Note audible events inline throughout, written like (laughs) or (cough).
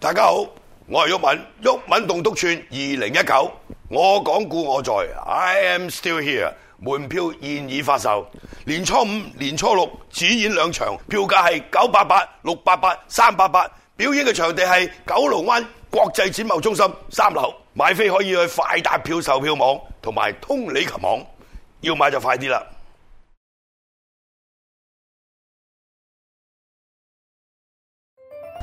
大家好，我係毓民，毓民棟篤串二零一九，我講故我在，I am still here，門票現已發售，年初五、年初六主演兩場，票價係九八八、六八八、三八八，表演嘅場地係九龍灣國際展貿中心三樓，買飛可以去快達票售票網同埋通利琴網，要買就快啲啦。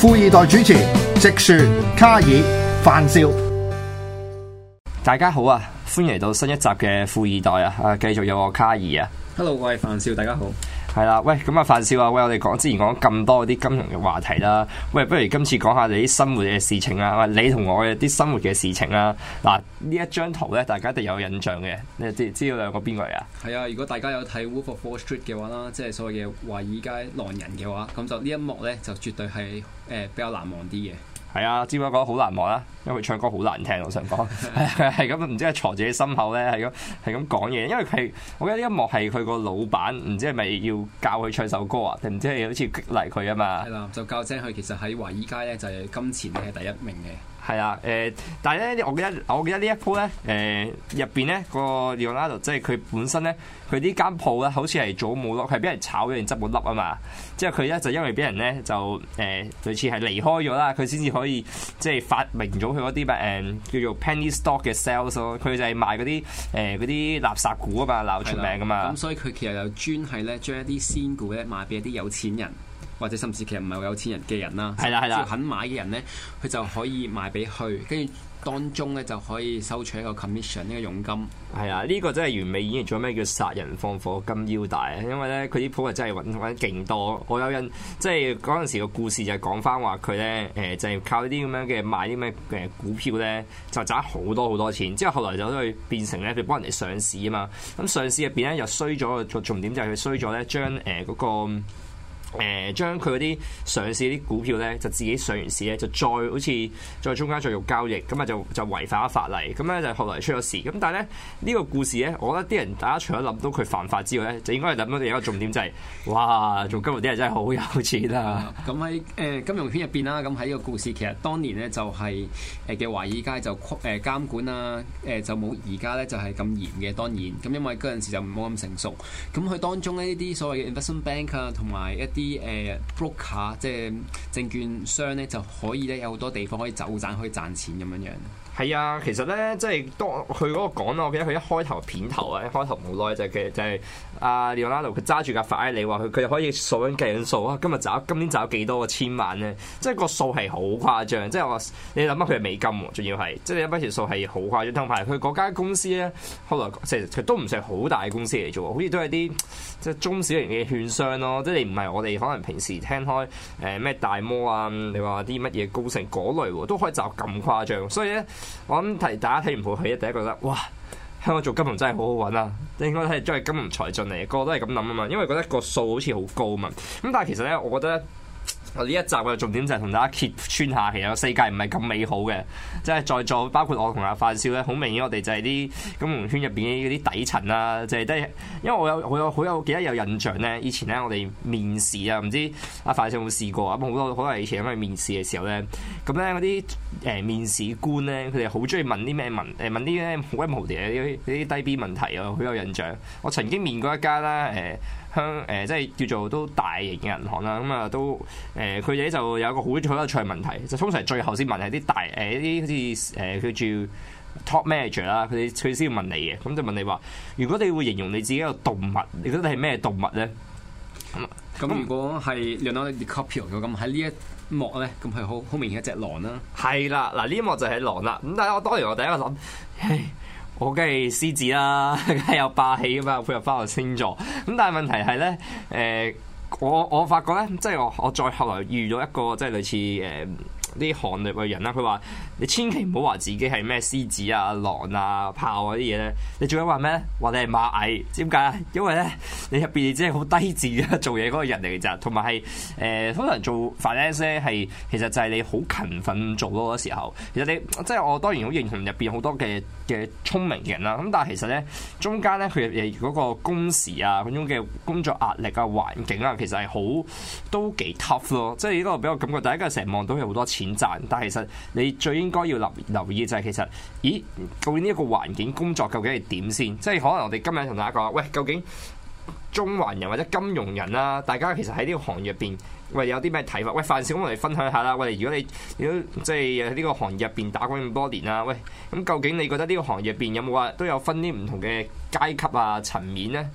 富易袋主持、直船卡爾、范少，大家好啊，歡迎嚟到新一集嘅富易袋啊，啊繼續有我卡爾啊，Hello，我係范少，大家好。係啦， (music) 喂，咁啊，范少啊，喂，我哋講之前講咁多啲金融嘅話題啦，喂，不如今次講下你啲生活嘅事情啊，喂，你同我嘅啲生活嘅事情啊，嗱，一張呢一張圖咧，大家一定有印象嘅，你知知道兩個邊個嚟呀？係啊，如果大家有睇《Wolf of Wall Street》嘅話啦，即係所謂嘅華爾街狼人嘅話，咁就呢一幕咧就絕對係誒、呃、比較難忘啲嘅。係啊，只不過覺得好難忘啦，因為唱歌好難聽。我想講，係咁，唔知係挫自己心口咧，係咁係咁講嘢。因為佢，我覺得呢一幕係佢個老闆，唔知係咪要教佢唱首歌啊？定唔知係好似激勵佢啊嘛？係啦，就教聲佢，其實喺華爾街咧就係金錢係第一名嘅。係啊，誒，但係咧，我記得，我記得一、呃、呢一鋪咧，誒，入邊咧個 Leonardo 即係佢本身咧，佢呢間鋪咧，好似係早冇落，係俾人炒咗，然後執笠啊嘛。之後佢咧就因為俾人咧就誒、呃、類似係離開咗啦，佢先至可以即係發明咗佢嗰啲誒叫做 Penny Stock 嘅 sales 咯。佢就係賣嗰啲誒啲垃圾股啊嘛，鬧出、啊、名㗎嘛。咁、嗯、所以佢其實又專係咧將一啲仙股咧賣俾一啲有錢人。或者甚至其實唔係好有錢人嘅人啦，只要肯買嘅人咧，佢就可以賣俾佢，跟住當中咧就可以收取一個 commission 一個佣金。係啊，呢、這個真係完美演繹咗咩叫殺人放火金腰帶啊。因為咧佢啲鋪啊真係揾得勁多。我有印即係嗰陣時個故事就係講翻話佢咧誒，就係、是、靠呢啲咁樣嘅賣啲咩嘅股票咧，就賺好多好多錢。之後後來就去變成咧，佢幫人哋上市啊嘛。咁上市入邊咧又衰咗，個重點就係佢衰咗咧，將誒嗰、呃那個。誒將佢啲上市啲股票咧，就自己上完市咧，就再好似再中間再做交易，咁啊就就違反咗法例，咁咧就後來出咗事。咁但係咧呢、這個故事咧，我覺得啲人大家除咗諗到佢犯法之外咧，就應該係諗到另一個重點就係、是，哇！做金融啲人真係好有錢啊、 (laughs) 嗯！咁喺誒金融圈入邊啦，咁喺呢個故事其實當年咧就係誒嘅華爾街就誒、呃、監管啦，誒、呃、就冇而家咧就係咁嚴嘅，當然咁因為嗰陣時就冇咁成熟。咁佢當中呢啲所謂嘅 investment bank 啊，同埋一啲誒、呃、broker 即係證券商咧，就可以咧有好多地方可以走盞，可以賺錢咁樣樣。係啊，其實咧，即係當佢嗰個講我記得佢一開頭片頭啊，一開頭冇耐就其、是、實就係阿 Leonardo 佢揸住架法拉利話佢佢可以數緊計緊數啊，今日找，今年找咗幾多個千萬咧？即係個數係好誇張，即係我你諗下佢係美金喎，仲要係，即係一筆錢數係好誇張。同埋佢嗰間公司咧，後來其實都唔算好大嘅公司嚟做喎，好似都係啲即係中小型嘅券商咯，即係你唔係我哋可能平時聽開誒咩、呃、大摩啊，你話啲乜嘢高盛嗰類，都可以賺咁誇張。所以咧。我諗提大家睇完部戲，第一覺得哇，香港做金融真係好好揾啊！應該係因為金融財進嚟，個個都係咁諗啊嘛，因為覺得個數好似好高啊嘛。咁但係其實咧，我覺得。呢一集嘅重點就係同大家揭穿下，其實世界唔係咁美好嘅，即係在座包括我同阿范少咧，好明顯我哋就係啲金融圈入邊啲啲底層啦，即係都因為我有我有好有記得有印象咧，以前咧我哋面試啊，唔知阿范少有冇試過咁好多好多以前咁嘅面試嘅時候咧，咁咧嗰啲誒面試官咧，佢哋好中意問啲咩問誒問啲咧好鬼無聊啲啲低 B 問題啊，好有印象。我曾經面過一家啦誒。香誒、呃、即係叫做都大型嘅銀行啦，咁、嗯、啊都誒佢哋就有一個好好有趣問題，就通常最後先問係啲大誒一啲好似誒佢住 top manager 啦，佢哋佢先要問你嘅，咁就問你話：如果你會形容你自己個動物，你覺得你係咩動物咧？咁、嗯嗯、如果係讓到你 copy 咗，咁喺呢一幕咧，咁係好好明顯一隻狼啦、啊。係啦，嗱呢一幕就係狼啦。咁但係我當然我第一個諗。我梗係獅子啦，梗係有霸氣㗎嘛，配合翻個星座。咁但係問題係咧，誒、呃，我我發覺咧，即係我我再後來遇咗一個即係類似誒啲行業嘅人啦，佢話。你千祈唔好話自己係咩獅子啊、狼啊、豹嗰啲嘢咧，你仲要話咩？話你係螞蟻？點解啊？因為咧，你入邊只係好低智嘅做嘢嗰個人嚟嘅咋，同埋係誒通常做 finance 咧係其實就係你好勤奮做嗰個時候。其實你即係我當然好認同入邊好多嘅嘅聰明嘅人啦，咁但係其實咧中間咧佢哋個工時啊、嗰種嘅工作壓力啊、環境啊，其實係好都幾 tough 咯。即係呢個俾我感覺，第一個成日望到佢好多錢賺，但係其實你最應該要留留意就係、是、其實，咦？究竟呢一個環境工作究竟係點先？即係可能我哋今日同大家講，喂，究竟中環人或者金融人啦、啊，大家其實喺呢個行業入邊，喂，有啲咩睇法？喂，范少，咁我哋分享下啦。喂，如果你如果即係喺呢個行業入邊打滾咁多年啦，喂，咁究竟你覺得呢個行業入邊有冇話都有分啲唔同嘅階級啊層面咧？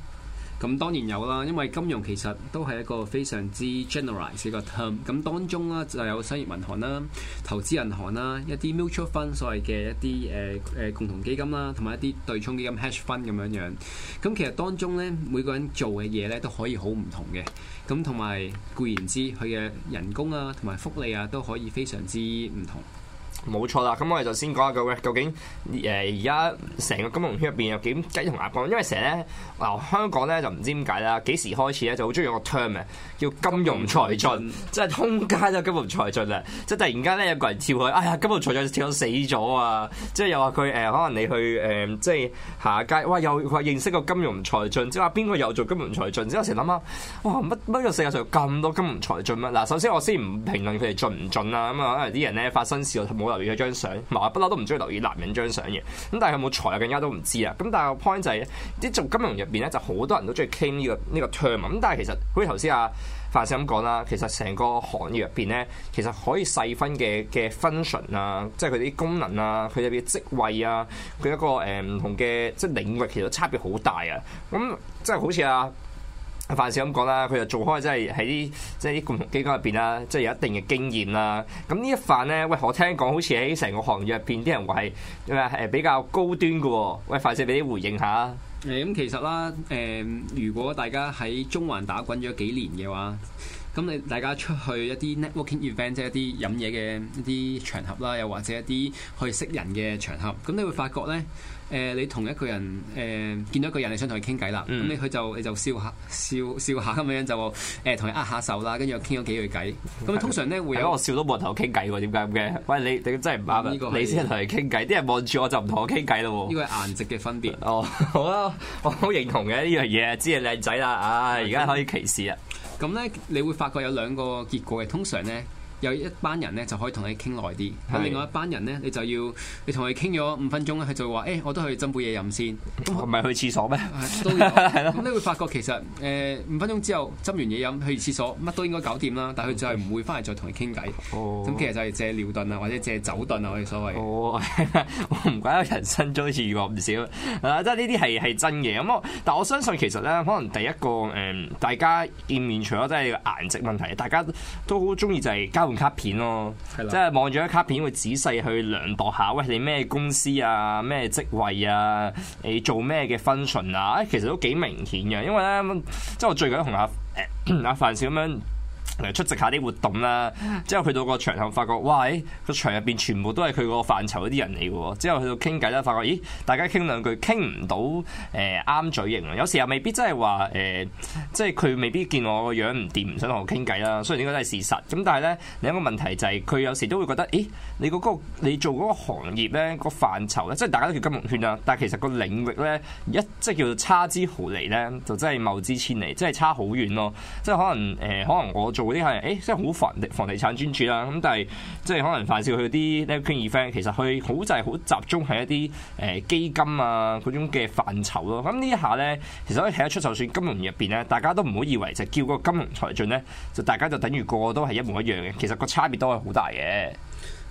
咁當然有啦，因為金融其實都係一個非常之 generalised 嘅 term。咁當中啦，就是、有商業銀行啦、投資銀行啦、一啲 mutual fund 所謂嘅一啲誒誒共同基金啦，同埋一啲對沖基金 hedge fund 咁樣樣。咁其實當中咧，每個人做嘅嘢咧都可以好唔同嘅。咁同埋固然之佢嘅人工啊，同埋福利啊都可以非常之唔同。冇錯啦，咁我哋就先講一個究竟誒而家成個金融圈入邊有幾雞同鴨講，因為成日咧，嗱香港咧就唔知點解啦，幾時開始咧就好中意個 term 嘅，叫金融才俊，即係通街都金融才俊啦，即係突然間咧有個人跳去，哎呀金融才俊跳到死咗啊！即係又話佢誒，可能你去誒即係下街，哇又話認識個金融才俊，即係話邊個又做金融才俊？之後成日諗下，哇乜乜個世界上咁多金融才俊乜？嗱首先我先唔評論佢哋俊唔俊啊。咁啊可能啲人咧發生事冇留意咗張相，唔不嬲都唔中意留意男人張相嘅，咁但係有冇財啊？更加都唔知啊。咁但係個 point 就係、係、咧，啲做金融入邊咧，就好多人都中意傾呢個呢個 term 咁但係其實好似頭先阿范生咁講啦，其實成個行業入邊咧，其實可以細分嘅嘅 function 啊，即係佢啲功能啊，佢入邊嘅職位啊，佢一個誒唔、呃、同嘅即係領域，其實都差別好大啊。咁即係好似啊。阿范少咁講啦，佢就做開即係喺啲即係啲共同基金入邊啦，即係有一定嘅經驗啦。咁呢一範咧，喂，我聽講好似喺成個行業入邊，啲人話係咩比較高端嘅喎？喂，范少俾啲回應下啊！誒，咁其實啦，誒，如果大家喺中環打滾咗幾年嘅話，咁你大家出去一啲 networking event，即係一啲飲嘢嘅一啲場合啦，又或者一啲去識人嘅場合，咁你會發覺咧。誒、呃，你同一個人，誒、呃、見到一個人，你想同佢傾偈啦，咁你佢就你就笑下，笑笑下咁樣就誒同佢握下手啦，跟住傾咗幾句偈。咁 (laughs) 通常咧的會有，我笑到冇人同我傾偈喎，點解咁嘅？喂，你你真係唔啱啊！嗯這個、你先同佢傾偈，啲人望住我就唔同我傾偈咯喎。呢個係顏值嘅分別。 (laughs) 哦，好、 (laughs) 這個、啊，我好認同嘅呢樣嘢，知係靚仔啦，唉，而家可以歧視啊。咁咧、嗯，你會發覺有兩個結果嘅，通常咧。有一班人咧，就可以同你傾耐啲；是的 另外一班人咧，你就要你同佢傾咗五分鐘，佢就話：誒、欸，我都去斟杯嘢飲先。咁唔係去廁所咩？都有。咁你會發覺其實誒五、呃、分鐘之後斟完嘢飲去廁所，乜都應該搞掂啦。但係佢就係唔會翻嚟再同你傾偈。咁、哦、其實就係借尿遁啊，或者借酒遁啊，我哋所謂。我唔怪得人生中好似遇過唔少。即係呢啲係係真嘅。咁、啊、我但我相信其實咧，可能第一個誒、嗯、大家見面，除咗即係顏值問題，大家都好中意就係、是用卡片咯，即係望住啲卡片會仔細去量度下，喂，你咩公司啊，咩職位啊，你做咩嘅 function 啊，其實都幾明顯嘅，因為咧，即係我最近同阿阿范少咁樣，出席下啲活動啦，之後去到個場合，發覺哇，個場入邊全部都係佢嗰個範疇嗰啲人嚟嘅喎，之後去到傾偈咧，發覺咦，大家傾兩句傾唔到誒啱、呃、嘴型有時又未必真係話誒，即係佢未必見我個樣唔掂，唔想同我傾偈啦，雖然應該都係事實。咁但係咧，另一個問題就係、是、佢有時都會覺得，咦，你嗰、那個、你做嗰個行業咧，那個範疇咧，即係大家都叫金融圈啦，但係其實個領域咧，一即係叫做差之毫釐咧，就真係謬之千里，即係差好遠咯，即係可能誒、呃，可能我做。嗰啲係誒，真係好煩房地產專注啦。咁但係即係可能范少佢啲呢傾 e n d 其實佢好就係好集中係一啲誒、欸、基金啊嗰種嘅範疇咯。咁、嗯、呢一下咧，其實可以睇得出，就算金融入邊咧，大家都唔好以為就叫個金融財經咧，就大家就等於個個都係一模一樣嘅。其實個差別都係好大嘅。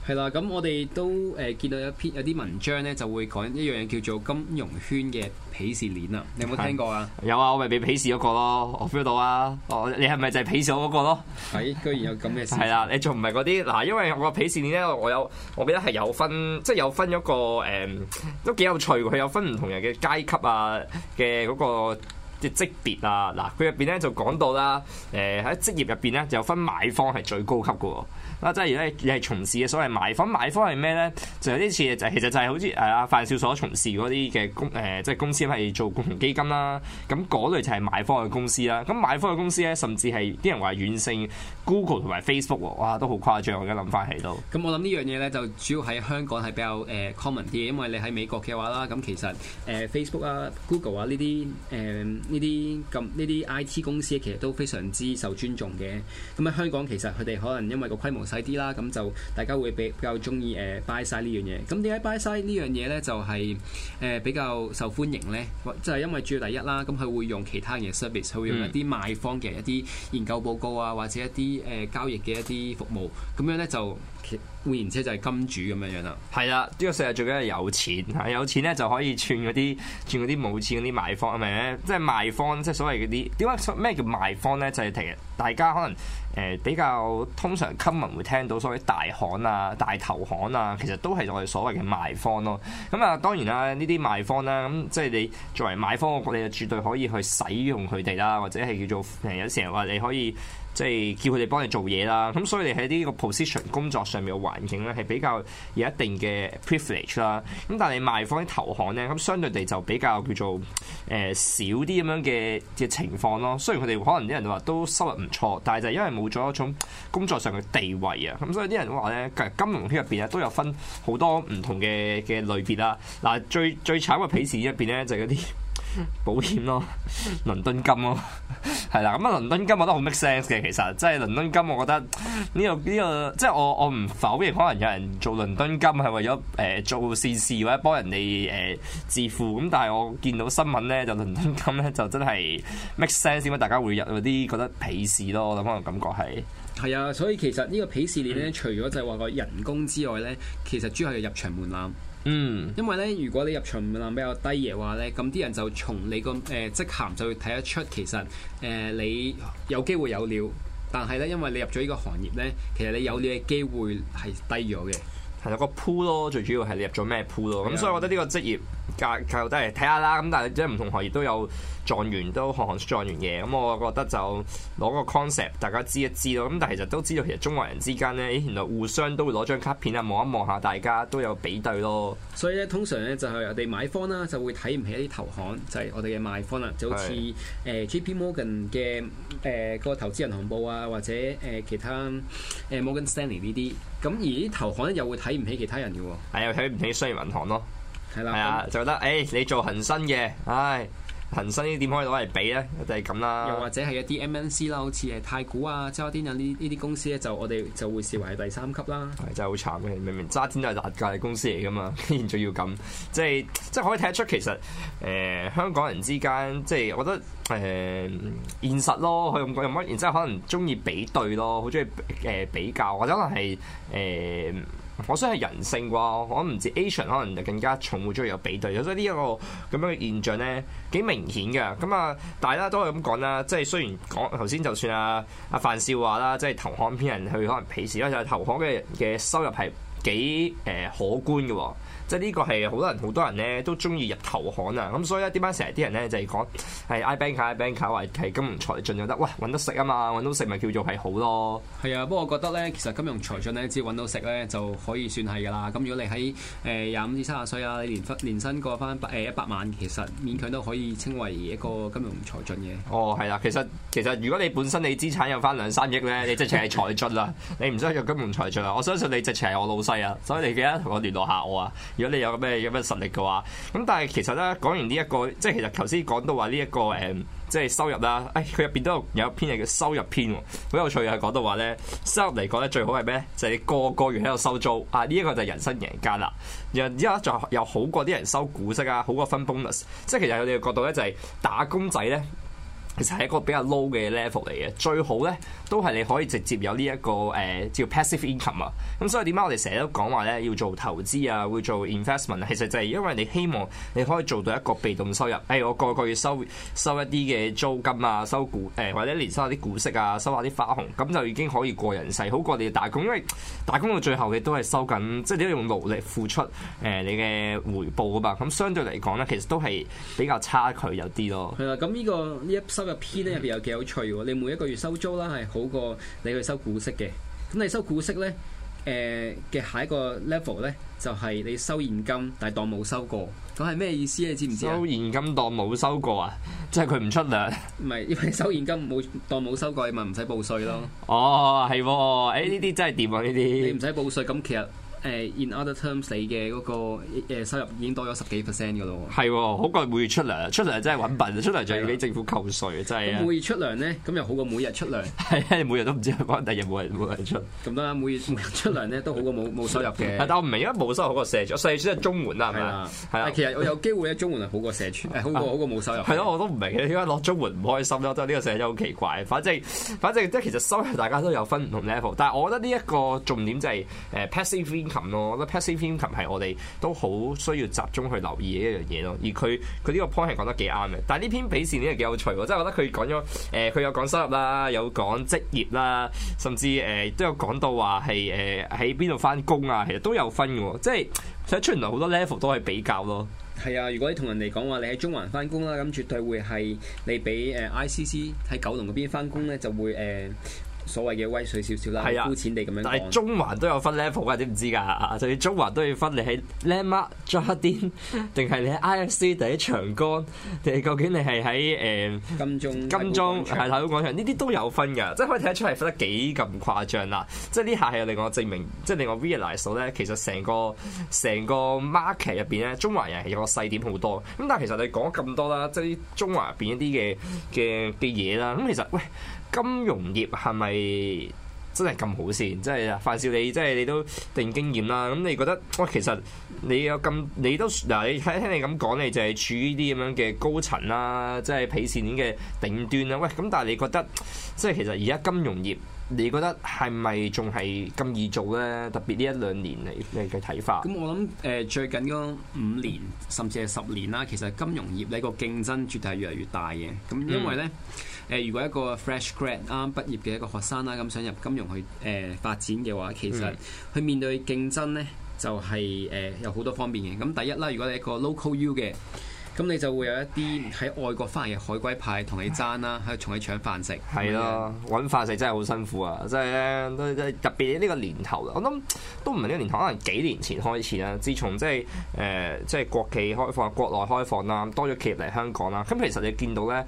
係啦，咁我哋都誒見到有一篇有啲文章咧，就會講一樣嘢叫做金融圈嘅鄙視鏈啊！你有冇聽過啊？有啊，我咪俾鄙視嗰個咯，我 feel 到啊！哦，你係咪就係鄙視我嗰個咯？咦，居然有咁嘅事！係啦，你仲唔係嗰啲嗱？因為我鄙視鏈咧，我有我記得係有分，即係有分一個誒、嗯，都幾有趣。佢有分唔同人嘅階級啊嘅嗰、嗰個即職別啊。嗱，佢入邊咧就講到啦，誒、呃、喺職業入邊咧就有分買方係最高級嘅喎。嗱，即係咧，你係從事嘅所謂買方，買方係咩咧？就有啲似就其實就係好似誒阿范少所從事嗰啲嘅公誒即係公司係做共同基金啦。咁嗰類就係買方嘅公司啦。咁買方嘅公司咧，甚至係啲人話遠勝 Google 同埋 Facebook，哇，都好誇張嘅，諗翻喺度。咁我諗呢樣嘢咧，就主要喺香港係比較誒 common 啲，因為你喺美國嘅話啦，咁其實誒 Facebook 啊、Google 啊呢啲誒呢啲咁呢啲 IT 公司，其實都非常之受尊重嘅。咁喺香港其實佢哋可能因為個規模。細啲啦，咁就大家會比比較中意誒 buy side 呢樣嘢。咁點解 buy side 呢樣嘢咧就係誒比較受歡迎咧？就係因為主要第一啦，咁佢會用其他人嘅 service，佢會用一啲賣方嘅一啲研究報告啊，或者一啲誒交易嘅一啲服務，咁樣咧就。 (music) (music) (music) 換言之就係金主咁樣樣啦，係啦，呢個世界最緊要係有錢嚇，有錢咧就可以串嗰啲串啲冇錢嗰啲買方係咪咧？即係賣方，即係所謂嗰啲點解咩叫賣方咧？就係其實大家可能誒、呃、比較通常 common 會聽到所謂大行啊、大頭行啊，其實都係我哋所謂嘅賣方咯。咁啊，當然啦，呢啲賣方啦。咁即係你作為買方，我哋就絕對可以去使用佢哋啦，或者係叫做有時成日話你可以。即係叫佢哋幫你做嘢啦，咁所以你喺呢個 position 工作上面嘅環境咧，係比較有一定嘅 privilege 啦。咁但係賣方啲投行咧，咁相對地就比較叫做誒、呃、少啲咁樣嘅嘅情況咯。雖然佢哋可能啲人話都收入唔錯，但係就因為冇咗一種工作上嘅地位啊，咁所以啲人話咧，其實金融圈入邊咧都有分好多唔同嘅嘅類別啦。嗱，最最慘嘅鄙視入邊咧就係嗰啲。保險咯，倫敦金咯，係 (laughs) 啦，咁啊倫敦金我覺得好 make sense 嘅，其、這、實、個、即係倫敦金，我覺得呢個呢個即係我我唔否認，可能有人做倫敦金係為咗誒、呃、做善事、事或者幫人哋誒致富，咁、呃、但係我見到新聞咧就倫敦金咧就真係 make sense，點解大家會有啲覺得鄙視咯？我諗可能感覺係係啊，所以其實呢個鄙視鏈咧，嗯、除咗就係話個人工之外咧，其實主要係入場門檻。嗯，因為咧，如果你入場門檻比較低嘅話咧，咁啲人就從你個誒職銜就會睇得出其實誒、呃、你有機會有料，但係咧，因為你入咗呢個行業咧，其實你有料嘅機會係低咗嘅。係有個 pool 咯，最主要係你入咗咩 pool 咯。咁所以我覺得呢個職業教教都係睇下啦。咁但係即係唔同行業都有狀元，都學行行出狀元嘅。咁我覺得就攞個 concept 大家知一知咯。咁但係其實都知道其實中國人之間咧，咦原來互相都會攞張卡片啊望一望下，大家都有比對咯。所以咧通常咧就係、是、我哋買方啦，就會睇唔起一啲投行，就係、是、我哋嘅賣方啦。就好似誒是的、呃、JP Morgan 嘅誒個投資銀行部啊，或者誒、呃、其他誒、呃、Morgan Stanley 呢啲。咁而啲投行咧又會睇唔起其他人嘅喎，係啊又睇唔起商業銀行咯，係啦，係啊的，嗯、就覺得誒、欸，你做恒生嘅，唉。恒生呢啲點可以攞嚟比咧？就係咁啦。又或者係一啲 M N C 啦，好似係太古啊，即係一啲呢呢啲公司咧、啊，就我哋就會視為係第三級啦。係真係好慘嘅，明明揸錢都係大界公司嚟噶嘛，竟然仲要咁即係即係可以睇得出其實誒、呃、香港人之間即係我覺得誒、呃、現實咯，佢咁咁乜，然之後可能中意比對咯，好中意誒比較或者可能係誒。呃我想係人性啩，我唔知 Asian 可能就更加重會中意有比對，所以呢、這、一個咁樣嘅現象咧幾明顯嘅。咁啊，大家都係咁講啦，即係雖然講頭先就算啊，阿范少話啦，即係投行邊人去可能鄙視啦，但係投行嘅嘅收入係幾誒、呃、可觀嘅喎。即係呢個係好多人，好多人咧都中意入投行啊！咁所以咧，點解成日啲人咧就係講係 I Banker、I Banker，或係金融才俊就得喂揾得食啊嘛，揾到食咪叫做係好咯。係啊，不過我覺得咧，其實金融才俊咧，只要揾到食咧就可以算係噶啦。咁如果你喺誒廿五至卅歲啦，年份年薪過翻百誒一百萬，其實勉強都可以稱為一個金融才俊嘅。哦，係啦、啊，其實其實如果你本身你資產有翻兩三億咧，你直情係才俊啦。 (laughs) 你唔需要金融才俊啊？我相信你直情係我老細啊，所以你記得同我聯絡下我啊。如果你有咩有咩實力嘅話，咁但係其實咧講完呢、這、一個，即係其實頭先講到話呢一個誒、嗯，即係收入啦。誒、哎，佢入邊都有一篇嘢叫收入篇，好有趣嘅係講到話咧，收入嚟講咧最好係咩咧？就係、是、你個個月喺度收租，啊呢一、這個就人生贏家啦。又依家仲又好過啲人收股息啊，好過分 bonus。即係其實佢哋嘅角度咧，就係、是、打工仔咧。其實係一個比較 low 嘅 level 嚟嘅，最好咧都係你可以直接有呢、這、一個誒叫 passive income 啊，咁所以點解我哋成日都講話咧要做投資啊，會做 investment 啊？其實就係因為你希望你可以做到一個被動收入，誒、哎、我個個月收收一啲嘅租金啊，收股誒、哎、或者連收下啲股息啊，收下啲花紅，咁就已經可以過人世，好過你打工，因為打工到最後你都係收緊，即、就、係、是、你要用勞力付出誒、啊、你嘅回報啊嘛，咁相對嚟講咧，其實都係比較差距有啲咯。係啦、這個，咁、這、呢個呢一收個 P 咧入邊有幾有趣喎！你每一個月收租啦，係好過你去收股息嘅。咁你收股息咧，誒嘅下一個 level 咧，就係你收現金，但係當冇收過。咁係咩意思啊？你知唔知啊？收現金當冇收過啊！即係佢唔出糧。唔係，因為收現金冇當冇收過，你咪唔使報稅咯。哦，係喎，誒呢啲真係掂啊！呢啲你唔使報稅，咁其實。誒，in other terms，你嘅嗰個收入已經多咗十幾 percent 嘅咯，係喎、哦，好過每月出糧，出糧真係搵笨，出糧就要俾政府扣稅，真係。每月出糧咧，咁又好過每日出糧。 (laughs) 每日都唔知佢講第日冇人冇人出。咁多啊，每月出糧咧都好過冇冇收入嘅。 (laughs) 但我唔明，而家冇收入好過社長，社長係中門啦，係咪啊？係啊。其實我有機會咧，中門係好過社長， (laughs) 啊、好過好過冇收入。係咯、啊，我都唔明咧，點解落中門唔開心咧？都係呢個社長好奇怪。反正反正即係其實收入大家都有分唔同 level，但係我覺得呢一個重點就係誒 passive income。琴咯， (music) 我覺得 passive income 琴係我哋都好需要集中去留意嘅一樣嘢咯。而佢佢呢個 point 係講得幾啱嘅。但係呢篇鄙視鏈呢係幾有趣喎，即係我覺得佢講咗誒，佢、呃、有講收入啦，有講職業啦，甚至誒、呃、都有講到話係誒喺邊度翻工啊，其實都有分嘅喎。即係睇出嚟好多 level 都可以比較咯。係啊，如果你同人哋講話你喺中環翻工啦，咁絕對會係你比誒 ICC 喺九龍嗰邊翻工咧就會誒。呃所謂嘅威水少少啦，膚淺、啊、地咁樣講，但係中環都有分 level 嘅，知唔知㗎？就你、是、中環都要分，你喺 Landmark、Jardine 定係你喺 IFC 第一長江，定係究竟你係喺誒金鐘、金、呃、鐘、大太古廣場呢啲都有分㗎，即係可以睇得出係分得幾咁誇張啦。即係呢下係令我證明，即係令我 realize 到咧，其實成個成個 market 入邊咧，中環人係有個細點好多。咁但係其實你講咗咁多啦，即係啲中環入邊一啲嘅嘅嘅嘢啦。咁其實，其實喂。喂金融業係咪真係咁好先？即係范少，你即係你都定經驗啦。咁你覺得，喂、哎，其實你有咁，你都嗱，你聽聽你咁講，你就係處於啲咁樣嘅高層啦，即係鄙視鏈嘅頂端啦。喂，咁但係你覺得，即係其實而家金融業，你覺得係咪仲係咁易做咧？特別呢一兩年嚟，嘅睇法？咁我諗誒、呃，最近嗰五年甚至係十年啦，其實金融業呢個競爭絕對係越嚟越大嘅。咁因為咧。嗯誒、呃，如果一個 fresh grad 啱、啊、畢業嘅一個學生啦，咁、啊、想入金融去誒、呃、發展嘅話，其實去面對競爭咧，就係、是、誒、呃、有好多方面嘅。咁、啊、第一啦，如果你一個 local u 嘅，咁、啊、你就會有一啲喺外國翻嚟嘅海歸派同你爭啦，喺度同你搶飯食，係咯、啊，揾飯食真係好辛苦啊！即係咧，都都特別呢個年頭，我諗都唔係呢個年頭，可能幾年前開始啦，自從即係誒即係國企開放、國內開放啦，多咗企業嚟香港啦，咁其實你見到咧。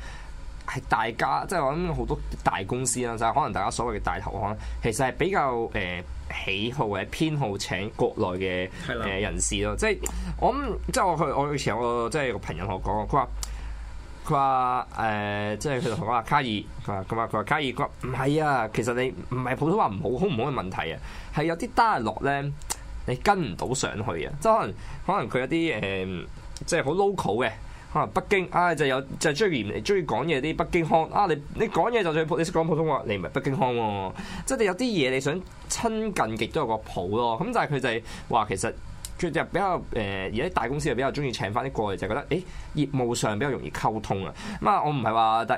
係大家即係我諗好多大公司啦，就係可能大家所謂嘅大投行，其實係比較誒喜好或者偏好請國內嘅誒人士咯的。即係我諗即係我去我以前有個即我即係個朋友同、呃、我講，佢話佢話誒即係佢同我話卡爾，佢話佢話卡爾，佢話唔係啊，其實你唔係普通話唔好好唔好嘅問題啊，係有啲段落咧你跟唔到上去啊，即係可能可能佢有啲誒、呃、即係好 local 嘅。啊，北京啊，就係、有就中意原嚟，中意講嘢啲北京腔啊！你你講嘢就算普，你識講普通話，你唔係北京腔喎，即係你有啲嘢你想親近亦都有個譜咯。咁但係佢就係、係、話其實。就比較誒，而、呃、家大公司又比較中意請翻啲過嚟，就是、覺得誒、欸、業務上比較容易溝通啊。咁啊，我唔係話第誒，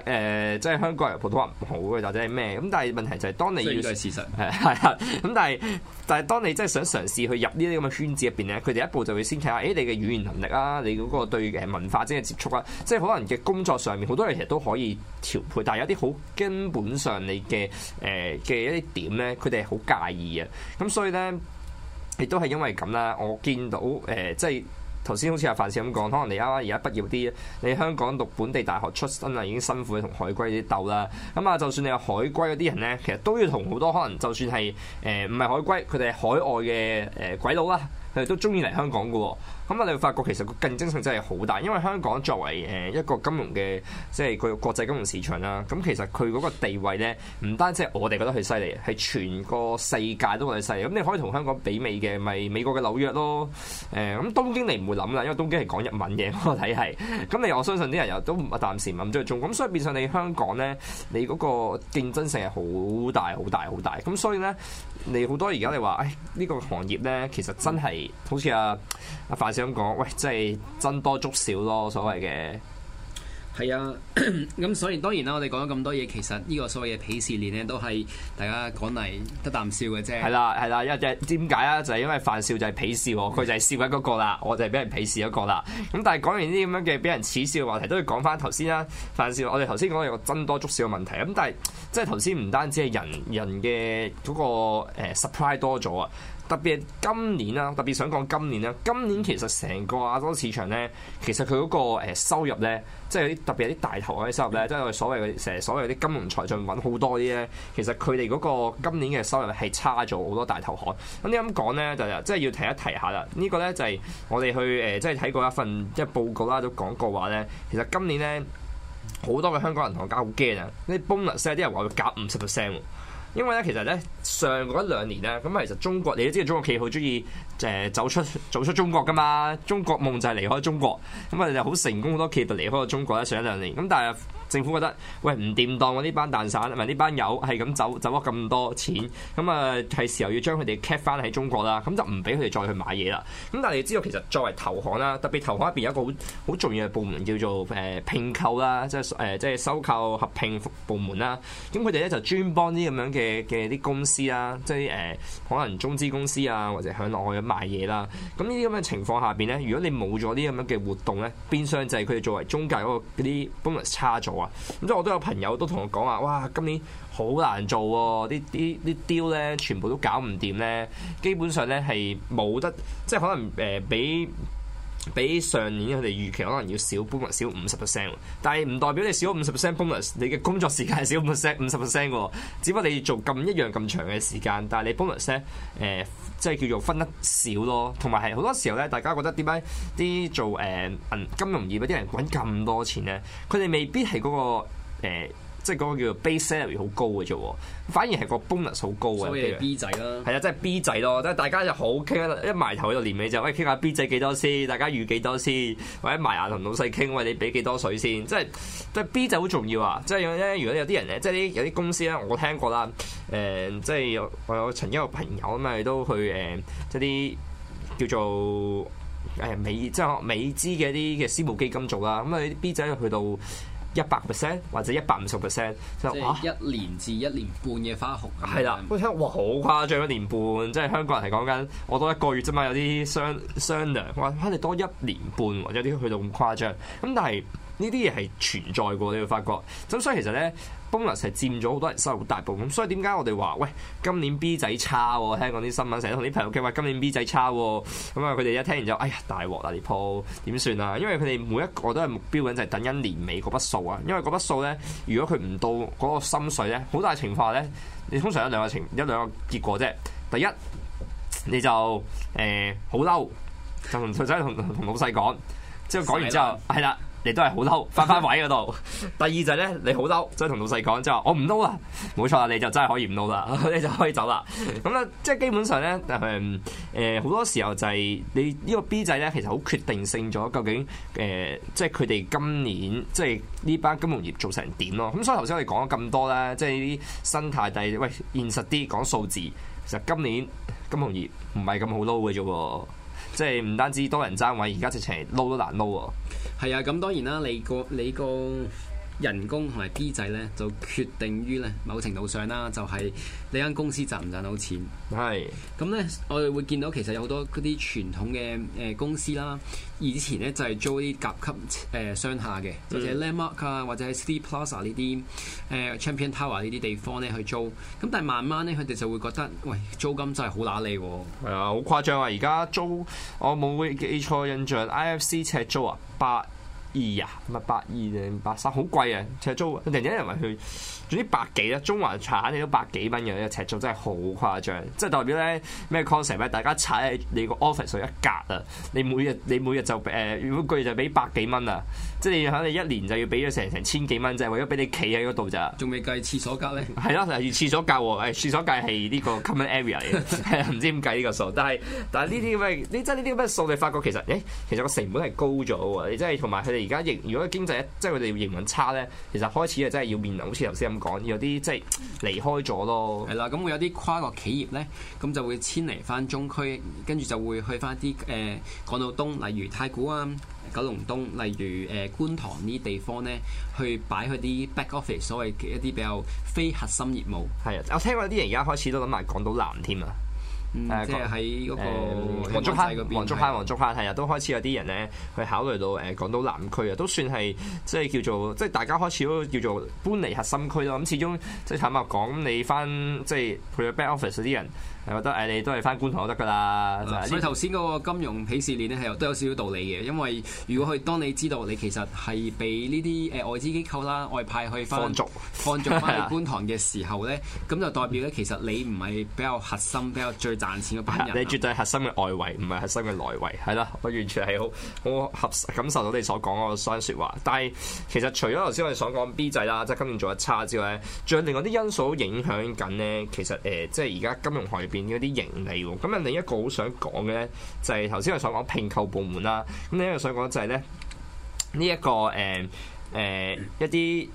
即係、呃、香港人普通話唔好啊，或者係咩？咁但係問題就係當你要，所以對事實。 (laughs) 係啊，咁但係但係，當你真係想嘗試去入呢啲咁嘅圈子入邊咧，佢哋一步就會先睇下，誒、欸、你嘅語言能力啊，你嗰個對文化嘅接觸啊，即係可能嘅工作上面，好多嘢其實都可以調配，但係有啲好根本上你嘅誒嘅一啲點咧，佢哋係好介意嘅。咁所以咧。亦都係因為咁啦，我見到誒、呃，即係頭先好似阿范少咁講，可能你啱啱而家畢業啲，你香港讀本地大學出身啊，已經辛苦啦，同海歸啲鬥啦。咁啊，就算你係海歸嗰啲人咧，其實都要同好多可能，就算係誒唔係海歸，佢哋係海外嘅誒、呃、鬼佬啦，佢哋都中意嚟香港嘅喎、哦。咁你會發覺其實個競爭性真係好大，因為香港作為誒一個金融嘅，即係佢國際金融市場啦。咁其實佢嗰個地位咧，唔單止係我哋覺得佢犀利，係全個世界都覺得犀利。咁你可以同香港媲美嘅，咪美國嘅紐約咯。誒，咁東京你唔會諗啦，因為東京係講日文嘅個體系。咁你我相信啲人又都唔係暫時唔着重。咁所以變相你香港咧，你嗰個競爭性係好大、好大、好大。咁所以咧，你好多而家你話誒呢個行業咧，其實真係好似阿阿想講，喂，即係增多足少咯，所謂嘅。係啊，咁所以當然啦，我哋講咗咁多嘢，其實呢個所謂嘅鄙視鏈啊，都係大家講嚟得啖笑嘅啫。係啦，係啦，因為點解啊？啊就係、是、因為范少就係鄙視我，佢就係笑鬼嗰個啦，我就係俾人鄙視一個啦。咁但係講完呢啲咁樣嘅俾人恥笑嘅話題，都要講翻頭先啦。范少，我哋頭先講有個增多足少嘅問題，咁但係即係頭先唔單止係人人嘅嗰個 surprise 多咗啊。特別係今年啦，特別想講今年啦。今年其實成個亞洲市場咧，其實佢嗰個收入咧，即係特別係啲大頭海收入咧，即係所謂嘅成日所謂啲金融才俊揾好多啲咧，其實佢哋嗰個今年嘅收入係差咗好多大頭海。咁啱講咧，就即、是、係要提一提一下啦。呢、這個咧就係我哋去誒，即係睇過一份即係報告啦，都講過話咧，其實今年咧好多嘅香港銀行家好驚啊！啲 bonus，有啲人話要減五十 percent。因為咧，其實咧，上嗰一兩年咧，咁其實中國你都知道，中國企業好中意誒走出走出中國噶嘛，中國夢就係離開中國，咁啊，就好成功好多企業就離開咗中國啦，上一兩年，咁但係。政府覺得喂，唔掂，當我呢班蛋散同埋呢班友係咁走走咗咁多錢，咁啊係時候要將佢哋 cap 翻喺中國啦，咁就唔俾佢哋再去買嘢啦。咁但係你知道其實作為投行啦，特別投行入邊有一個好好重要嘅部門叫做誒、呃、拼購啦，即係誒、呃、即係收購合併部門啦。咁佢哋咧就專幫啲咁樣嘅嘅啲公司啦，即係誒、呃、可能中資公司啊或者喺外咁買嘢啦。咁呢啲咁嘅情況下邊咧，如果你冇咗啲咁樣嘅活動咧，變相就係佢哋作為中介嗰個嗰啲 bonus 差咗。咁即係我都有朋友都同我講話，哇！今年好難做喎，啲啲啲 deal 咧，全部都搞唔掂咧，基本上咧係冇得，即係可能誒俾。呃比上年佢哋預期可能要少 bonus 少五十 percent，但係唔代表你少五十 percent bonus，你嘅工作時間係少五十 percent，五十 percent 㗎喎。只不過你做咁一樣咁長嘅時間，但係你 bonus 誒即係叫做分得少咯。同埋係好多時候咧，大家覺得點解啲做誒銀、呃、金融業嗰啲人揾咁多錢咧？佢哋未必係嗰、嗰個、呃即係嗰個叫做 base salary 好高嘅啫，反而係個 bonus 好高嘅。所以 B 仔啦，係啊，即係 B 仔咯，即係大家就好 care 一埋頭喺度年尾就喂，傾下 B 仔幾多先，大家預幾多先，或者埋眼同老細傾喂，你俾幾多水先，即係即係 B 仔好重要啊！即係咧，如果有啲人咧，即係啲有啲公司咧，我聽過啦，誒、呃，即係我有曾有朋友咁啊，都去誒、呃，即係啲叫做誒美即係美資嘅啲嘅私募基金做啦，咁啊啲 B 仔去到。一百 percent 或者一百五十 percent，即係一年至一年半嘅花紅。係啦、啊，我聽的哇，好誇張一年半，即係香港人係講緊我多一個月啫嘛，有啲商商量話可能多一年半，或者有啲去到咁誇張。咁但係呢啲嘢係存在過，你會發覺。咁所以其實咧。bonus 佔咗好多人收入大部，咁所以點解我哋話，喂，今年 B 仔差喎？聽講啲新聞成日同啲朋友傾話，今年 B 仔差喎，咁啊佢哋一聽完之後就哎呀大鑊啦！呢鋪點算啊？因為佢哋每一個都係目標緊，就係、係、等一年尾嗰筆數啊！因為嗰筆數咧，如果佢唔到嗰個心水咧，好大情況咧，你通常有兩個情，一兩個結果啫。第一，你就誒好嬲，就同細仔同同老細講，之後講完之後，係啦。你都係好嬲，翻翻位嗰度。 (laughs) 第二就係咧，你好嬲，即係同老細講，即係話我唔撈啦，冇錯啦，你就真係可以唔撈啦， (laughs) 你就可以走啦。咁咧，即係基本上咧，誒、嗯、誒，好、呃、多時候就係、是、你呢個 B 制咧，其實好決定性咗究竟誒、呃，即係佢哋今年即係呢班金融業做成點咯。咁所以頭先我哋講咗咁多咧，即係呢啲生態弟，喂，現實啲講數字，其實今年金融業唔係咁好撈嘅啫喎。即係唔單止多人爭位，而家直情撈都難撈啊！係啊，咁當然啦，你個你個人工同埋機制咧，就決定於咧某程度上啦、啊，就係你間公司賺唔賺到錢。係是。咁咧，我哋會見到其實有好多嗰啲傳統嘅誒公司啦，以前咧就係、是、租啲甲級誒、呃、商廈嘅，嗯、或者 Landmark 啊，或者喺 City Plaza 呢啲誒 Champion Tower 呢啲地方咧去租。咁但係慢慢咧，佢哋就會覺得，喂，租金真係好打理喎。係啊，好、啊、誇張啊！而家租，我冇記錯印象，IFC 尺租啊，八二啊，咪八二定八三，好貴啊！赤租，啊，人人都認為佢。總之百幾啦，中環茶肯定都百幾蚊嘅呢一個尺租，真係好誇張，即係代表咧咩 concept 咧？大家踩你個 office 就一格啦，你每日你每日就誒，如果佢就俾百幾蚊啦，即係你肯定一年就要俾咗成成千幾蚊，即係為咗俾你企喺嗰度咋。仲未計廁所格咧？係咯、啊，係廁所格喎，係廁所格係呢個 common area 嘅，係唔知點計呢個數，但係但係呢啲咁嘅呢，你真係呢啲咁嘅數，你發覺其實誒、欸，其實個成本係高咗喎，即係同埋佢哋而家營，如果經濟即係佢哋營運差咧，其實開始係真係要面臨，好似頭先講有啲即係離開咗咯，係啦，咁會有啲跨國企業咧，咁就會遷嚟翻中區，跟住就會去翻啲誒港島東，例如太古啊、九龍東，例如誒、呃、觀塘呢地方咧，去擺佢啲 back office，所謂嘅一啲比較非核心業務。係啊，我聽過啲人而家開始都諗埋港島南添啊。誒、嗯嗯、即係喺嗰個黃竹坑、黃竹坑、黃竹坑，係啊，都開始有啲人咧去考慮到誒港、呃、島南區啊，都算係、嗯、即係叫做即係大家開始都叫做搬離核心區咯。咁、嗯、始終即係坦白講，你翻即係配咗 back office 嗰啲人係覺得誒、哎，你都係翻觀塘得㗎啦。所以頭先嗰個金融鄙視鏈咧係都有少少道理嘅，因為如果佢當你知道你其實係被呢啲誒外資機構啦，外派去放逐 (laughs) 放逐翻嚟觀塘嘅時候咧，咁 (laughs) 就代表咧其實你唔係比較核心、 (laughs) 比較最。賺錢嗰班人啊，你絕對係核心嘅外圍，唔係核心嘅內圍，係啦，我完全係好，我合感受到你所講嗰雙説話。但係其實除咗頭先我哋所講 B 制啦，即係今年做得差之外咧，仲有另外啲因素影響緊咧。其實誒，即係而家金融行業入邊嗰啲盈利喎。咁另一個好想講嘅咧，就係頭先我想講併購部門啦。咁另一個想講就係咧，呢一個誒誒一啲。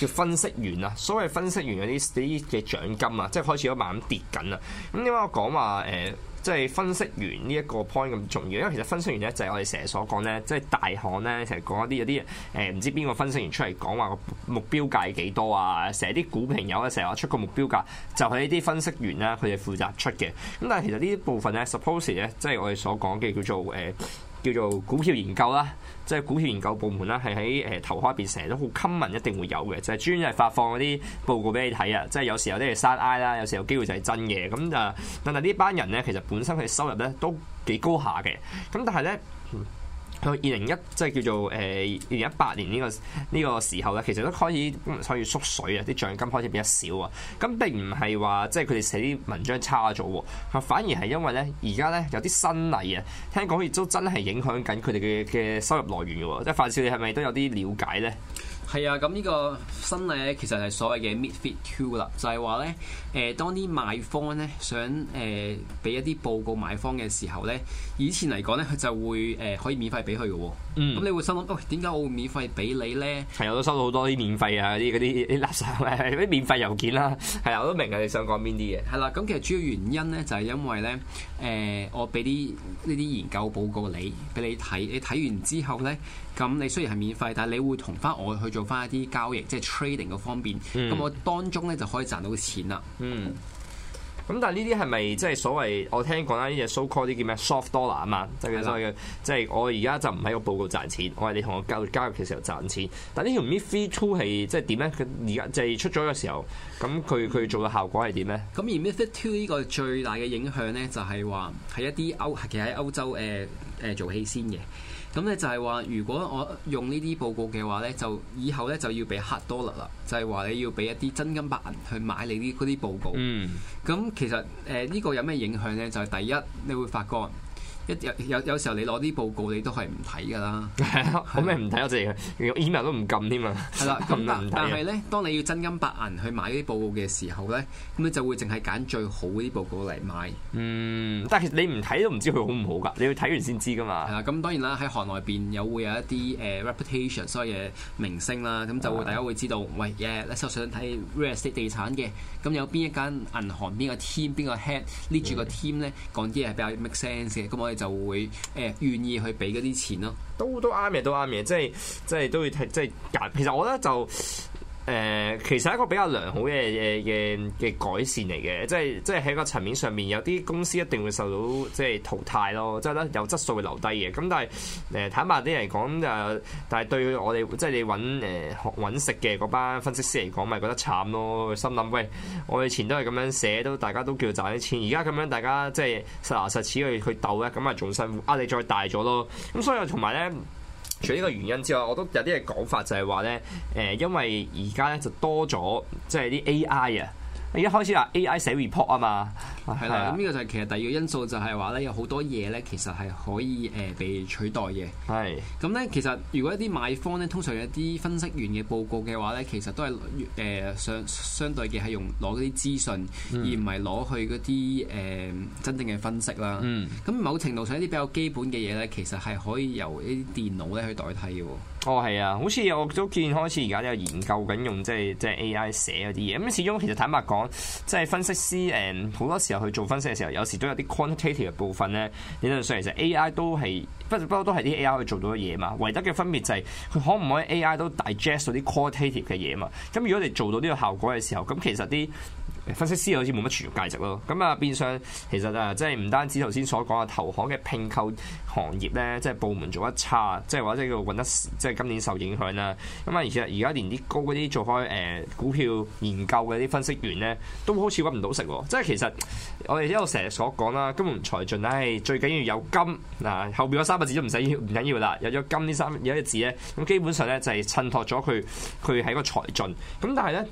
叫分析員啊，所謂分析員嗰啲啲嘅獎金啊，即係開始慢慢跌緊啊！咁點解我講話誒，即、呃、係、就是、分析員呢一個 point 咁重要？因為其實分析員咧就係我哋成日所講咧，即、就、係、是、大行咧成日講一啲有啲誒唔知邊個分析員出嚟講話個目標價幾多啊？成日啲股評友咧成日出個目標價，就係呢啲分析員咧佢哋負責出嘅。咁但係其實呢啲部分咧，suppose 咧即係我哋所講嘅叫做誒。呃叫做股票研究啦，即係股票研究部門啦，係喺誒頭開邊成日都好襟民，一定會有嘅，就係、是、專係發放嗰啲報告俾你睇啊！即係有時候咧係沙 I 啦，有時候有機會就係真嘅咁就，但係呢班人咧，其實本身佢收入咧都幾高下嘅，咁但係咧。去二零一即係、就是、叫做誒、呃、二零一八年呢、這個呢、這個時候咧，其實都開始、嗯、開始縮水啊，啲獎金開始比較少喎。咁並唔係話即係佢哋寫啲文章差咗喎，反而係因為咧而家咧有啲新例啊，聽講亦都真係影響緊佢哋嘅嘅收入來源嘅喎，即係范少，你係咪都有啲了解咧？係啊，咁呢個新例咧，其實係所謂嘅 MiFID II 啦，就係話咧，誒當啲賣方咧想誒俾一啲報告買方嘅時候咧，以前嚟講咧佢就會誒可以免費俾佢嘅喎。嗯，咁你會心諗，喂，點解我會免費俾你咧？我都收到好多啲免費啊，啲嗰啲啲垃圾啊，啲免費郵件啦，係啊，我都明啊，你想講邊啲嘢？係啦，咁其實主要原因咧就係因為咧，誒我俾啲呢啲研究報告你，俾你睇，你睇完之後咧，咁你雖然係免費，但係你會同翻我去。做翻一啲交易，即係 trading 嗰方面，咁、嗯、我當中咧就可以賺到錢啦。嗯，咁但係呢啲係咪即係所謂我聽講咧，呢隻 so called 啲叫咩 soft dollar 啊嘛？即係所謂即係我而家就唔喺個報告賺錢，我係你同我交易嘅時候賺錢。但條2呢條 MiFID II 係即係點咧？佢而家就係出咗嘅時候，咁佢佢做嘅效果係點咧？咁而 MiFID II 呢個最大嘅影響咧，就係話喺一啲歐，其實喺歐洲誒誒、呃呃、做起先嘅。咁咧就係話，如果我用呢啲報告嘅話咧，就以後咧就要俾黑多勒啦。就係、是、話你要俾一啲真金白銀去買你啲嗰啲報告。咁、嗯、其實誒呢、呃呢個有咩影響咧？就係、是、第一，你會發覺。一，有有有時候你攞啲報告你都係唔睇噶啦，咁 (laughs) 啊，唔睇我淨係 email 都唔撳添嘛，係 (music) (laughs) 啦，咁 (laughs) 但係咧，當你要真金白銀去買啲報告嘅時候咧，咁你就會淨係揀最好嗰啲報告嚟買。嗯，但係你唔睇都唔知佢好唔好噶，你要睇完先知噶嘛。係，咁 (laughs) 當然啦，喺行內邊有會有一啲誒、uh, reputation，所謂嘅明星啦，咁就會大家會知道，哇喂 yeah 我想睇 real estate 地產嘅，咁有邊一間銀行邊個 team 邊個 head lead 住個 team 咧講啲嘢係比較 make sense 嘅，咁就會誒、呃、願意去俾嗰啲錢咯、啊，都都啱嘅，都啱嘅，即係即係都會睇，即係夾。其實我覺得就。誒、呃，其實係一個比較良好嘅嘅嘅改善嚟嘅，即係即係喺個層面上面有啲公司一定會受到即係淘汰咯，即係咧有質素會留低嘅。咁但係誒、呃、坦白啲嚟講，就但係對我哋即係你揾誒、呃、食嘅嗰班分析師嚟講，咪、就是、覺得慘咯，心諗喂，我以前都係咁樣寫，都大家都叫賺啲錢，而家咁樣大家即係實牙實齒去去鬥咧，咁啊仲辛苦，壓、啊、力再大咗咯。咁所以同埋咧。除咗呢個原因之外，我都有啲嘅講法就，就係話咧，誒，因為而家咧就多咗，即係啲 AI 啊。你一開始話 AI 寫 report、嗯、是啊嘛，係啦，咁呢個就係其實第二個因素就係話咧，有好多嘢咧，其實係可以誒、呃、被取代嘅。係，咁咧其實如果一啲買方咧，通常有啲分析員嘅報告嘅話咧，其實都係誒相相對嘅係用攞啲資訊，而唔係攞去嗰啲誒真正嘅分析啦。嗯，咁、嗯、Old 某程度上一啲比較基本嘅嘢咧，其實係可以由一啲電腦咧去代替嘅啊。哦，係啊，好似我都見開始而家都有研究緊用即係即係 AI 寫嗰啲嘢，咁始終其實坦白講。即係分析師誒，好多時候去做分析嘅時候，有時都有啲 quantitative 嘅部分咧。理論上其實 AI 都係不不嬲都係啲 AI 去做到嘅嘢嘛。唯得嘅分別就係、是、佢可唔可以 AI 都 digest 到啲 quantitative 嘅嘢嘛？咁如果你做到呢個效果嘅時候，咁其實啲分析師好似冇乜存在價值咯，咁啊變相其實啊，即係唔單止頭先所講啊，投行嘅併購行業咧，即係部門做得差，即係或者叫揾得，即係今年受影響啦。咁啊，而且而家連啲高嗰啲做開誒股票研究嘅啲分析員咧，都好似揾唔到食喎。即係其實我哋一路成日所講啦，金融才俊，唉，最緊要有金嗱，後邊嗰三個字都唔使唔緊要啦，有咗金呢三個字咧，咁基本上咧就係襯托咗佢佢係一個才俊。咁但係咧。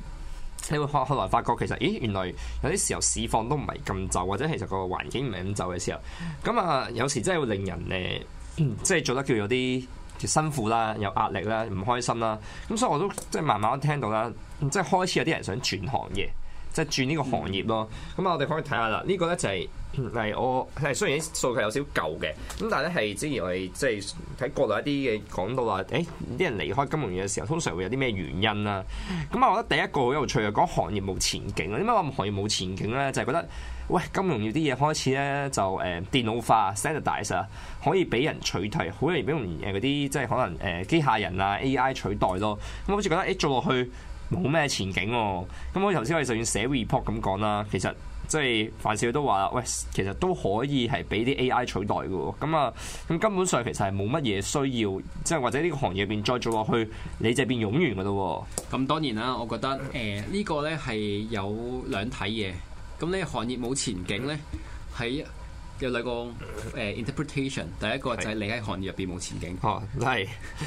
你會發後來發覺其實，咦，原來有啲時候市況都唔係咁就，或者其實個環境唔係咁就嘅時候，咁啊有時真係會令人誒、呃，即係做得叫做有啲辛苦啦、有壓力啦、唔開心啦。咁所以我都即係慢慢聽到啦，即係開始有啲人想轉行嘅。即係轉呢個行業咯，咁、嗯、啊、嗯、我哋可以睇下啦。呢、這個咧就係、是，例我係雖然啲數據有少舊嘅，咁但係咧係之前我哋即係睇國內一啲嘅講到話，誒、欸、啲人離開金融業嘅時候，通常會有啲咩原因啦？咁啊，嗯、我覺得第一個好有趣啊，講行業冇前景。點解話行業冇前景咧？就係、是、覺得喂，金融業啲嘢開始咧就誒電腦化、s t a n d a r d i 啊，可以俾人取替，好容易俾誒嗰啲即係可能誒機械人啊、AI 取代咯。咁、嗯、好似覺得誒、欸、做落去。冇咩前景喎、哦，咁我頭先我就算寫 re report 咁講啦，其實即係范少都話，喂，其實都可以係俾啲 AI 取代嘅喎，咁啊，咁根本上其實係冇乜嘢需要，即係或者呢個行業入邊再做落去，你就變冗員嘅咯、哦。咁當然啦，我覺得誒呢、呃這個咧係有兩睇嘅。咁呢個行業冇前景咧，喺，有兩個誒 interpretation，第一個就係你喺行業入邊冇前景，係、哦。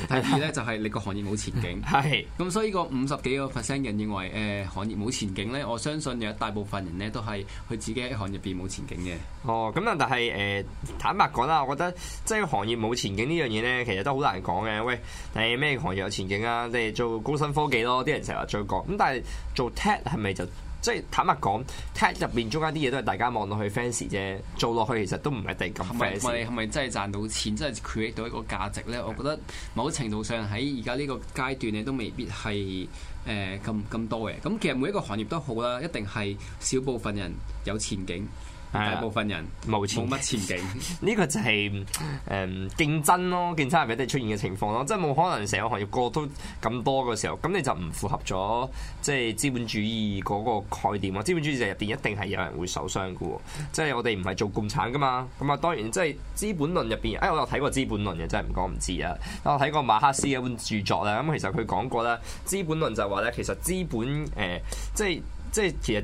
第二咧就係你個行業冇前景，係是。咁所以個五十幾個 percent 人認為誒行業冇前景咧，我相信有大部分人咧都係佢自己喺行業入邊冇前景嘅。哦，咁啊，但係誒坦白講啦，我覺得即係行業冇前景呢樣嘢咧，其實都好難講嘅。喂，係咩行業有前景啊？即係做高新科技咯，啲人成日追講。咁但係做 tech 係咪就？即係坦白講，t a 入面中間啲嘢都係大家望落去 f a n c y 啫，做落去其實都唔一定咁 fancy 係咪係咪真係賺到錢，真係 create 到一個價值咧？我覺得某程度上喺而家呢個階段你都未必係誒咁咁多嘅。咁其實每一個行業都好啦，一定係少部分人有前景。大部分人冇錢冇乜前景，呢 (laughs) 個就係、是、誒、嗯、競爭咯，競爭係咪一定出現嘅情況咯。即係冇可能成個行業個個都咁多嘅時候，咁你就唔符合咗即係資本主義嗰個概念啊。資本主義就入邊一定係有人會受傷嘅，即係我哋唔係做共產噶嘛。咁啊，當然即係資本論入邊，哎，我有睇過資本論嘅，真係唔講唔知啊。我睇過馬克思嘅一本著作咧，咁其實佢講過咧，資本論就話咧，其實資本誒、呃，即係即係其實誒、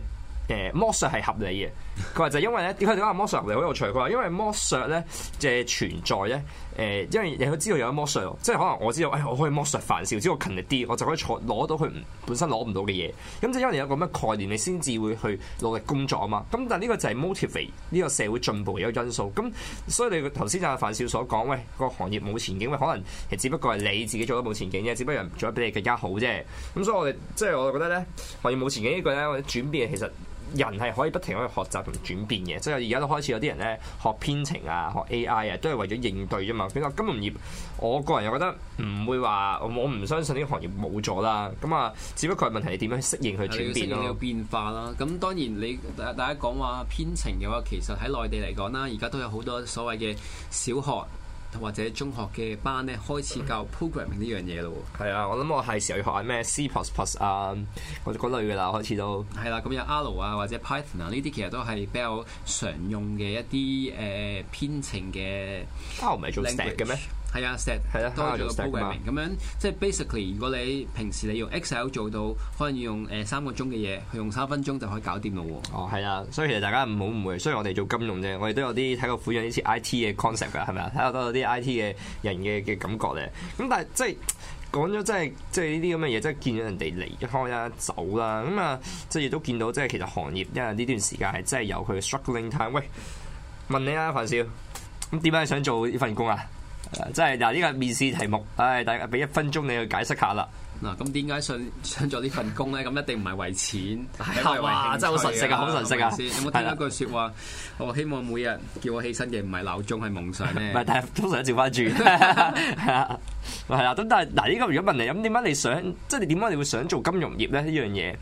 呃、剝削係合理嘅。佢話就因為咧，點解點解魔術嚟好有趣？佢話因為魔術咧嘅存在咧，誒、呃，因為人佢知道有一魔術，即係可能我知道，誒、哎，我可以魔術范少，只要勤力啲，我就可以坐攞到佢唔本身攞唔到嘅嘢。咁即係因為你有個咁嘅概念，你先至會去努力工作啊嘛。咁但係呢個就係 motivate 呢個社會進步嘅一個因素。咁所以你頭先就阿范少所講，喂，個行業冇前景，可能其實只不過係你自己做得冇前景啫，只不過人做得比你更加好啫。咁所以我哋即係我覺得咧，行業冇前景句呢句咧，我哋轉變其實。人係可以不停去學習同轉變嘅，即係而家都開始有啲人咧學編程啊、學 AI 啊，都係為咗應對啫嘛。比較金融業，我個人又覺得唔會話，我唔相信呢個行業冇咗啦。咁啊，只不過係問題你點樣適應佢轉變咯、啊。有、啊、變化啦。咁當然你，大家講話編程嘅話，其實喺內地嚟講啦，而家都有好多所謂嘅小學。或者中學嘅班咧開始教 programming 呢樣嘢咯喎，係、嗯、啊，我諗我係時候要學下咩 C plus plus 啊，嗰類嘅啦，開始都係啦。咁、啊、有 R 啊，或者 Python 啊，呢啲其實都係比較常用嘅一啲誒、呃、編程嘅。R 唔係做 language 嘅咩？係啊，s e Yeah ,石 Yeah, 多咗個 programming 咁樣，即係 basically，如果你平時你用 Excel 做到，可能要用誒三個鐘嘅嘢，佢用三分鐘就可以搞掂咯喎。哦，係啊，所以其實大家唔好誤會，雖然我哋做金融啫，我哋都有啲睇過反映呢次 I T 嘅 concept 㗎，係咪啊？睇下多咗啲 I T 嘅人嘅嘅感覺咧。咁但係即係講咗，即係即係呢啲咁嘅嘢，即係見咗人哋離開啦、走啦，咁啊，即係都見到即係其實行業因為呢段時間係真係有佢嘅 struggling time。喂，問你啊，范少，咁點解你想做呢份工啊？即係嗱，呢、啊、個面試題目，唉、哎，大家俾一分鐘你去解釋下啦。嗱、啊，咁點解想想做呢份工咧？咁一定唔係為錢，係、哎、呀啊，啊，真係好神聖啊，好神聖啊！有冇聽一句說話？我的、哦、希望每日叫我起身嘅唔係鬧鐘，係夢想咧。唔係、啊，但係通常照轉翻轉係啦。咁 (laughs) (laughs) 但係嗱，呢個如果問你，咁點解你想？即係你點解你會想做金融業咧？呢樣嘢？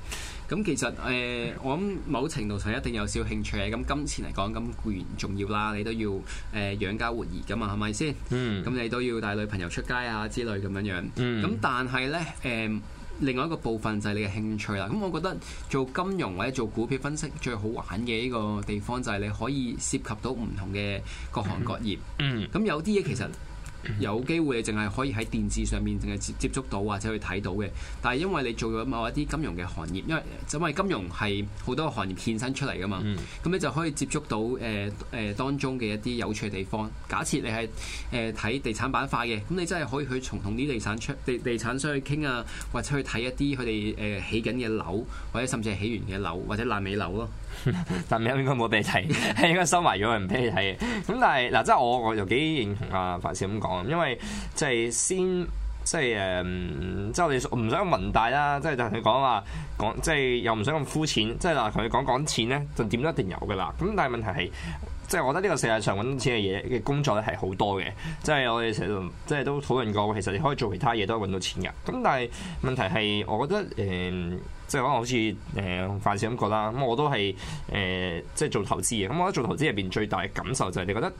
咁、嗯、其實誒、呃，我諗某程度上一定有少少興趣。咁金錢嚟講，咁固然重要啦，你都要誒、呃、養家活兒噶嘛，係咪先？嗯。咁你都要帶女朋友出街啊之類咁樣樣。嗯。咁但係咧誒，另外一個部分就係你嘅興趣啦。咁我覺得做金融或者做股票分析最好玩嘅呢個地方就係你可以涉及到唔同嘅各行各業。嗯。咁、嗯、有啲嘢其實～ (music) 有機會，你淨係可以喺電視上面淨係接接觸到，或者去睇到嘅。但係因為你做咗某一啲金融嘅行業，因為因為金融係好多行業衍生出嚟噶嘛，咁 (music) 你就可以接觸到誒誒、呃呃、當中嘅一啲有趣地方。假設你係誒睇地產板塊嘅，咁你真係可以去從同啲地產出地地產商去傾啊，或者去睇一啲佢哋誒起緊嘅樓，或者甚至係起完嘅樓或者爛尾樓咯。 (laughs) 但係應該冇俾你睇，係 (laughs) 應該收埋咗，唔俾你睇。咁但係嗱，即係我我就幾認同阿凡事咁講，因為即係先即係誒，即係我哋唔想問大啦，即係同佢講話，講即係又唔想咁膚淺，即係嗱同你講講錢咧，就點都一定有噶啦。咁但係問題係，即係我覺得呢個世界上揾錢嘅嘢嘅工作咧係好多嘅，即係我哋成日即係都討論過，其實你可以做其他嘢都係揾到錢嘅。咁但係問題係，我覺得誒。嗯即係可能好似誒、呃、范少咁覺得，咁我都係誒、呃、即係做投資嘅，咁我覺得做投資入邊最大嘅感受就係你覺得。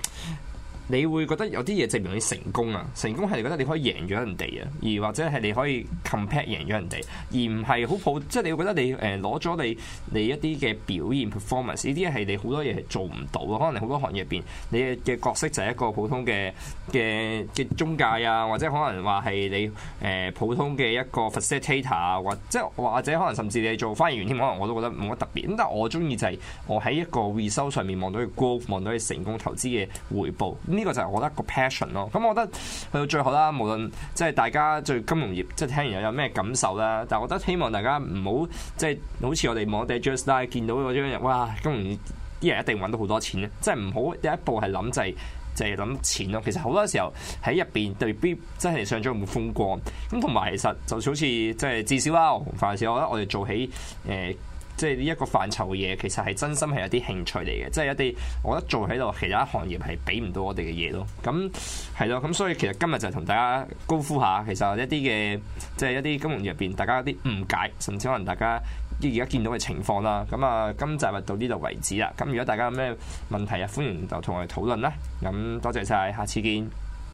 你會覺得有啲嘢證明你成功啊？成功係你覺得你可以贏咗人哋啊，而或者係你可以 compare 贏咗人哋，而唔係好普，即係你會覺得你誒攞咗你你一啲嘅表現 performance 呢啲係你好多嘢係做唔到咯。可能你好多行業入邊，你嘅角色就係一個普通嘅嘅嘅中介啊，或者可能話係你誒、呃、普通嘅一個 facilitator 啊，或即係或者可能甚至你做翻譯員添，可能我都覺得冇乜特別。咁但係我中意就係我喺一個 research 上面望到佢 growth 望到嘅成功投資嘅回報。呢個就係我覺得個 passion 咯。咁我覺得去到最後啦，無論即係大家對金融業即係聽完有咩感受啦，但係我覺得希望大家唔、就是、好即係好似我哋網地 journal 見到嗰張嘢，哇！金融業啲人一定揾到好多錢咧，即係唔好第一步係諗就係、是、就係、是、諗錢咯。其實好多時候喺入邊未必真係上漲會風光。咁同埋其實就好似即係至少啦，凡事我覺得我哋做起誒。呃即係呢一個範疇嘅嘢，其實係真心係有啲興趣嚟嘅。即係一啲我覺得做喺度其他行業係畀唔到我哋嘅嘢咯。咁係咯，咁所以其實今日就同大家高呼下，其實一啲嘅，即係一啲金融入邊大家一啲誤解，甚至可能大家而家見到嘅情況啦。咁啊，今集就到呢度為止啦。咁如果大家有咩問題啊，歡迎就同我哋討論啦。咁多謝晒，下次見。